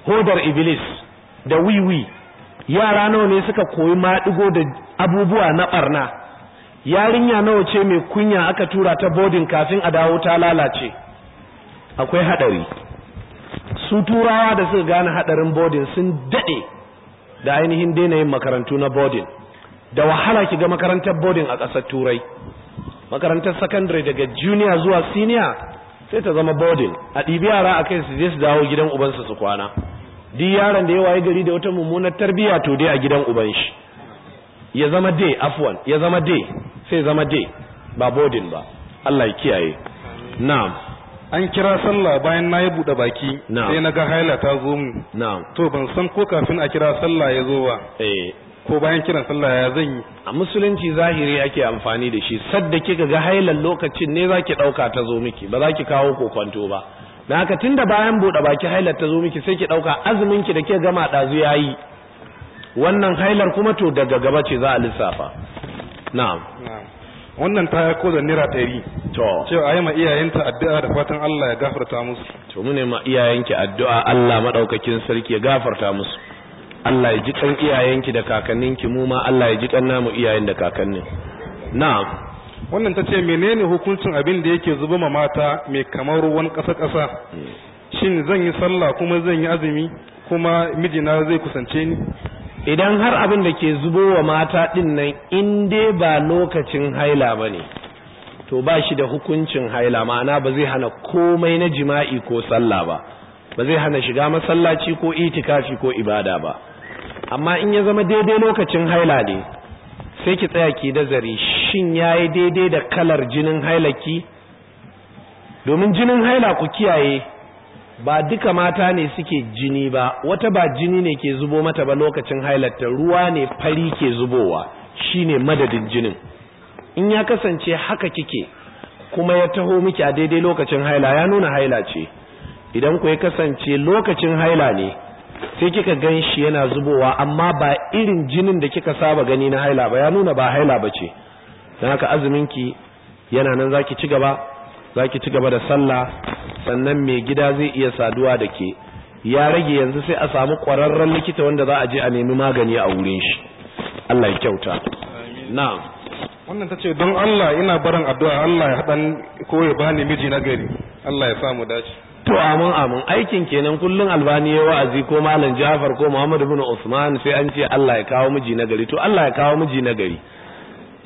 hodar iblis da wiwi yara nawa ne suka koyi maɗigo da abubuwa na ɓarna yarinya nawa ce mai kunya aka tura ta Bodin kafin a dawo ta lalace akwai haɗari su turawa da suka gane hadarin boarding sun dade da ainihin daina yin makarantu na boarding da wahala ki ga makarantar boarding a ƙasar turai makarantar secondary daga junior zuwa senior sai ta zama boarding a ɗibi yara a kai su je su dawo gidan ubansu su kwana duk yaron da ya waye gari da wata mummunar tarbiyya to dai a gidan uban shi ya zama dai afwan ya zama dai sai zama dai ba boarding ba Allah ya kiyaye na'am an kira sallah bayan na yi buɗe baki sai na ga haila ta zo mu to ban san ko kafin a kira sallah ya zo ba eh. ko bayan kiran sallah ya zan yi a musulunci zahiri ake amfani da shi sadda kika ga hailan lokacin ne zaki ɗauka ta zo miki ba za ki kawo kwanto ba Da haka tunda bayan buɗe baki hailar ta zo miki sai ki ɗauka azumin ki da ke gama ɗazu ya yi wannan hailar kuma to daga gaba ce za a lissafa na'am wannan ta ya koda nira ɗari to cewa ayi ma iyayenta addu'a da fatan Allah ya gafarta musu to mu ne ma iyayenki addu'a Allah madaukakin sarki ya gafarta musu Allah ya ji kan iyayenki da kakanninki mu ma Allah ya ji kan namu iyayen da kakannin na. wannan ta ce menene hukuncin abin da yake zuba ma mata mai kamar ruwan ƙasa ƙasa hmm. shin zan yi sallah kuma zan yi azumi kuma mijina zai kusance ni idan har abin da ke zubo wa mata ɗin nan in dai ba lokacin haila ba ne to ba shi da hukuncin haila ma'ana ba zai hana komai na jima'i ko sallah ba ba zai hana shiga masallaci ko itikafi ko ibada ba amma in ya zama daidai lokacin haila ne sai ki tsaya ki zari shin ya yi daidai da kalar jinin hailaki domin jinin haila ku kiyaye ba duka mata ne suke jini ba wata ba jini ne ke zubo mata ba lokacin hailarta ruwa ne fari ke zubowa shi ne madadin jinin in ya kasance haka kike kuma ya taho miki a daidai lokacin haila ya nuna haila ce idan ku ya kasance lokacin haila ne sai kika gan shi yana zubowa amma ba irin jinin da kika saba gani na haila ba ya nuna ba haila ba ce don haka ki yana nan zaki ci gaba zaki ci gaba da sallah sannan mai gida zai iya saduwa da ke ya rage yanzu sai a samu ƙwararren likita wanda za a je a nemi magani a wurin shi Allah ya kyauta na wannan ta ce don Allah ina barin addu'a Allah ya haɗa ko ya bani miji na gari Allah ya samu dace to amin amin aikin kenan kullun albani ya wa'azi ko malam Jafar ko Muhammadu bin Usman sai an ce Allah ya kawo miji na gari to Allah ya kawo miji na gari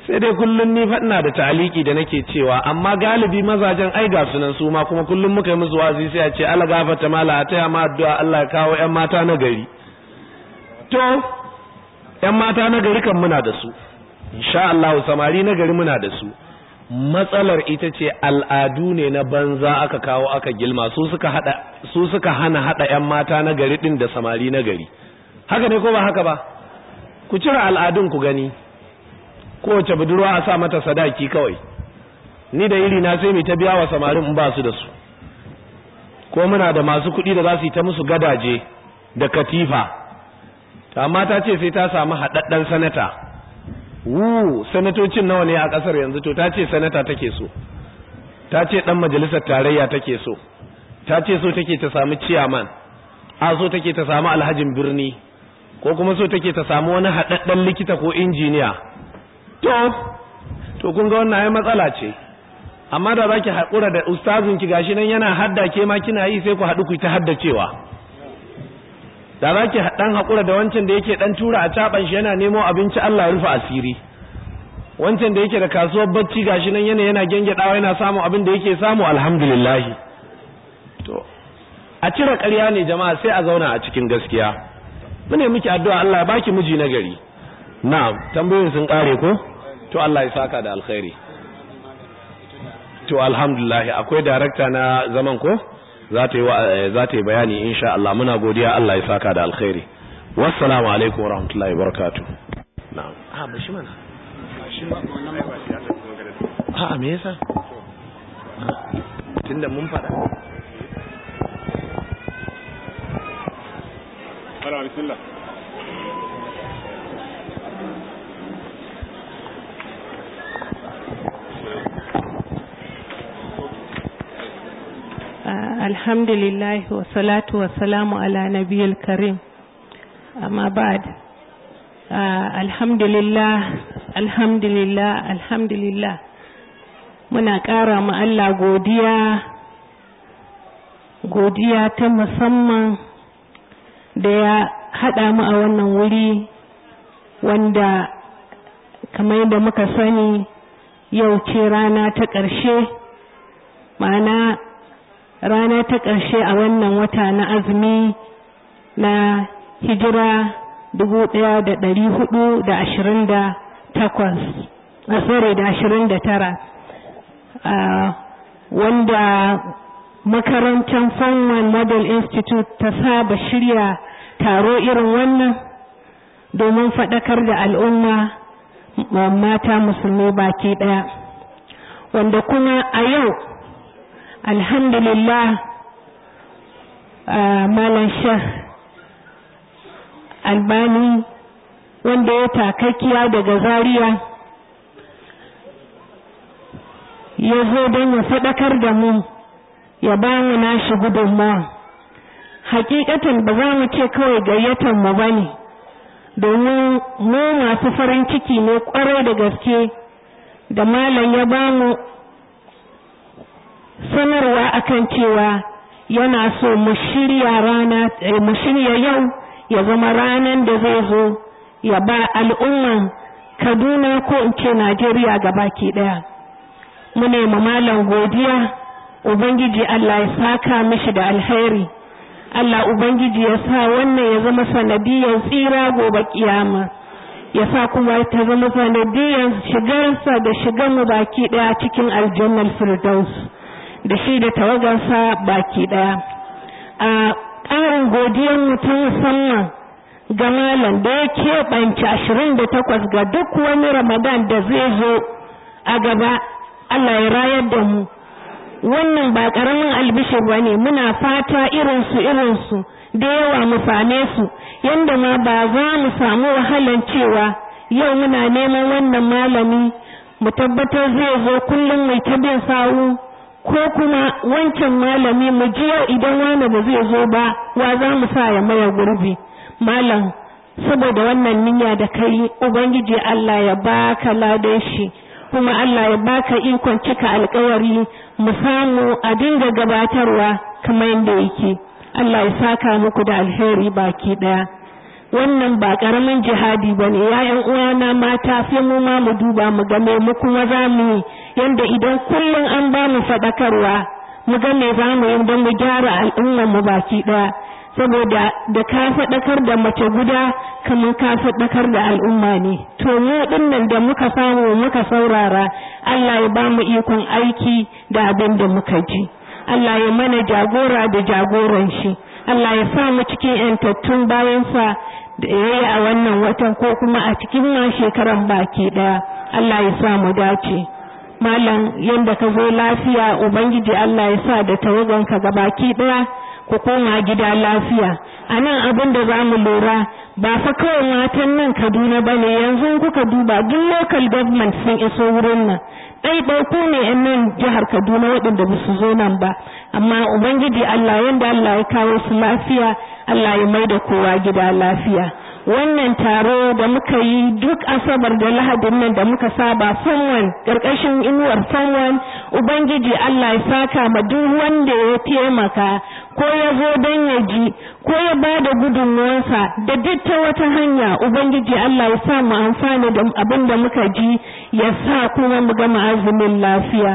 sai dai kullum ni ina da taliki da nake cewa amma galibi mazajen ai ga sunan su ma kuma kullum muka yi musu wazi sai a ce Allah gafarta mala a taya ma addu'a Allah ya kawo ƴan mata na gari to ƴan mata na gari kan muna da su insha Allah samari na gari muna da su matsalar ita ce al'adu ne na banza aka kawo aka gilma su suka hada su suka hana hada ƴan mata na gari din da samari na gari haka ne ko ba haka ba ku cire al'adun ku gani kowace budurwa a sa mata sadaki kawai ni da iri na sai mai ta biya wa samarin in ba su da su ko muna da masu kuɗi da za su yi ta musu gadaje da katifa amma ta ce sai ta samu haɗaɗɗen sanata wu sanatocin nawa ne a ƙasar yanzu to ta ce sanata take so ta ce ɗan majalisar tarayya take so ta ce so take ta samu ciyaman a so take ta samu alhajin birni ko kuma so take ta samu wani haɗaɗɗen likita ko injiniya to to kun ga wannan ai matsala ce amma da zaki haƙura da ustazin ki gashi nan yana hadda ke ma kina yi sai ku haɗu ku ta haddacewa da zaki dan haƙura da wancan da yake dan tura a caban shi yana nemo abinci Allah ya rufe asiri wancan da yake da kasuwar bacci gashi nan yana yana dawa yana samu abin da yake samu alhamdulillah to a cire ƙarya ne jama'a sai a zauna a cikin gaskiya mune miki addu'a Allah ya baki miji na gari. Na tambayoyin sun kare ko to Allah ya saka da alkhairi to alhamdulillah akwai darakta na zaman ko za ta yi eh, za ta yi bayani insha Allah muna godiya Allah ya saka da alkhairi wassalamu alaikum warahmatullahi wabarakatuh na'am ah bashi mana shi wannan a ah, ah, me yasa tunda mun fada Bismillah. alhamdulillah wa salatu wa salamu ala nabiyil karim amma ba'd ah, alhamdulillah alhamdulillah alhamdulillah muna ƙara ma Allah godiya godiya ta musamman da ya haɗa mu a wannan wuri wanda kamar yadda muka sani yau ce rana ta ƙarshe ma'ana rana ta ƙarshe a wannan wata na azumi na hijira dubu ɗaya da ɗari huɗu da ashirin da takwas a da ashirin da tara wanda makarantar Fanwan Model Institute ta saba shirya taro irin wannan domin faɗakar da al'umma mata musulmi baki ɗaya wanda kuma a yau alhamdulillah ah, malam shah albani wanda ya takakkiya daga zaria ya zo don ya sadakar da mu ya ba mu nashi gudunmawa hakikatan ba za mu ce kawai gayyatanmu mu ne domin mu masu farin ciki ne kwarai da gaske da malam ya ba mu sanarwa akan cewa yana so mu shirya rana eh, mu shirya yau ya zama ranan da zai zo ya ba al'umman Kaduna ko in ce Najeriya ke daya mu nema malam godiya ubangiji Allah ya saka mishi da alheri Allah ubangiji ya sa wannan ya zama sanadiyar tsira gobe kiyama ya sa kuma ta zama sanadiyar shigarsa da shigar mu baki daya cikin aljannal firdaus da shi da tawagarsa baki ɗaya a ƙarin godiyar mutum musamman ga malam da ya keɓance ashirin da takwas ga duk wani ramadan da zai zo a gaba allah ya rayar da mu wannan ba ƙaramin albishir ba ne muna fata irinsu irinsu da yawa mu same su yadda ma ba za mu samu wahalan cewa yau muna neman wannan malami mu tabbatar zai zo kullum mai ta bin sawu ko kuma wancan malami mu ji yau idan wani ba zai zo ba wa za mu sa ya maya gurbi malam saboda wannan niyya da kai ubangiji Allah ya baka ladan shi kuma Allah ya baka ikon cika alkawari mu samu a dinga gabatarwa kamar yadda yake Allah ya saka muku da alheri baki daya wannan ba ƙaramin jihadi ba ne yayan uwana mata sai mu ma mu duba mu ga mu kuma za mu yi yanda idan kullum an ba mu faɗakarwa mu ga me za mu yi don mu gyara al'ummar mu baki ɗaya saboda da ka faɗakar da mace guda kamar ka faɗakar da al'umma ne to mu dinnan da muka samu muka saurara Allah ya ba mu ikon aiki da abin da muka ji Allah ya mana jagora da jagoran shi Allah ya sa mu cikin yantattun bayansa da ya yi a wannan watan ko kuma a cikin ma shekaran baki ɗaya Allah ya sa mu dace malam yadda ka zo lafiya ubangiji Allah ya sa da tawaganka ga baki ɗaya ku koma gida lafiya a nan abin da za mu lura ba fa kawai matan nan Kaduna ba ne yanzu kuka duba duk local government sun iso wurin nan ɗai ku ne yan nan jihar Kaduna waɗanda ba su zo nan ba amma ubangiji Allah yanda Allah ya kawo su lafiya Allah ya mai da kowa gida lafiya wannan taro da muka yi duk asabar da lahadin nan da muka saba sanwan ƙarƙashin inuwar sanwan ubangiji Allah ya saka ma duk wanda ya taimaka ko ya zo don ya ji ko ya ba da gudunmuwarsa da duk ta wata hanya ubangiji Allah ya sa mu amfana da abin da muka ji ya sa kuma mu gama azumin lafiya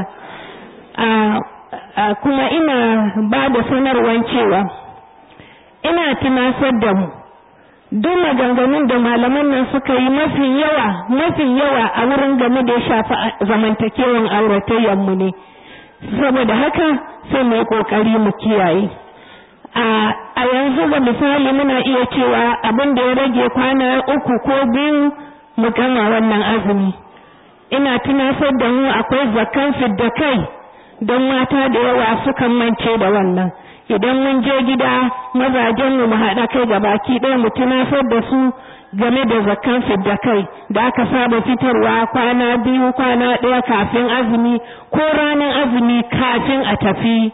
a kuma ina ba da sanarwar cewa ina tunasar da mu duk maganganun da malaman nan suka yi mafi yawa mafi yawa a wurin game da ya shafi zamantakewan auratayyar ne saboda haka sai mu yi kokari mu kiyaye a yanzu ga misali muna iya cewa abin da ya rage kwana uku ko biyu mu gama wannan azumi ina tunasar da mu akwai zakan fidda kai don mata da yawa sukan mance da wannan idan mun je gida mazajen mu haɗa kai ga baki ɗaya mu tunasar da su game da zakan fidda kai da aka saba fitarwa kwana biyu kwana ɗaya kafin azumi ko ranar azumi kafin a tafi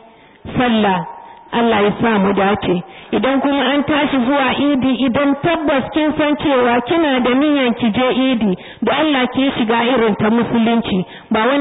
sallah Allah ya sa mu dace idan kuma an tashi zuwa idi idan tabbas kin san cewa kina da niyyar ki je idi da Allah ki shiga irin ta musulunci ba wanda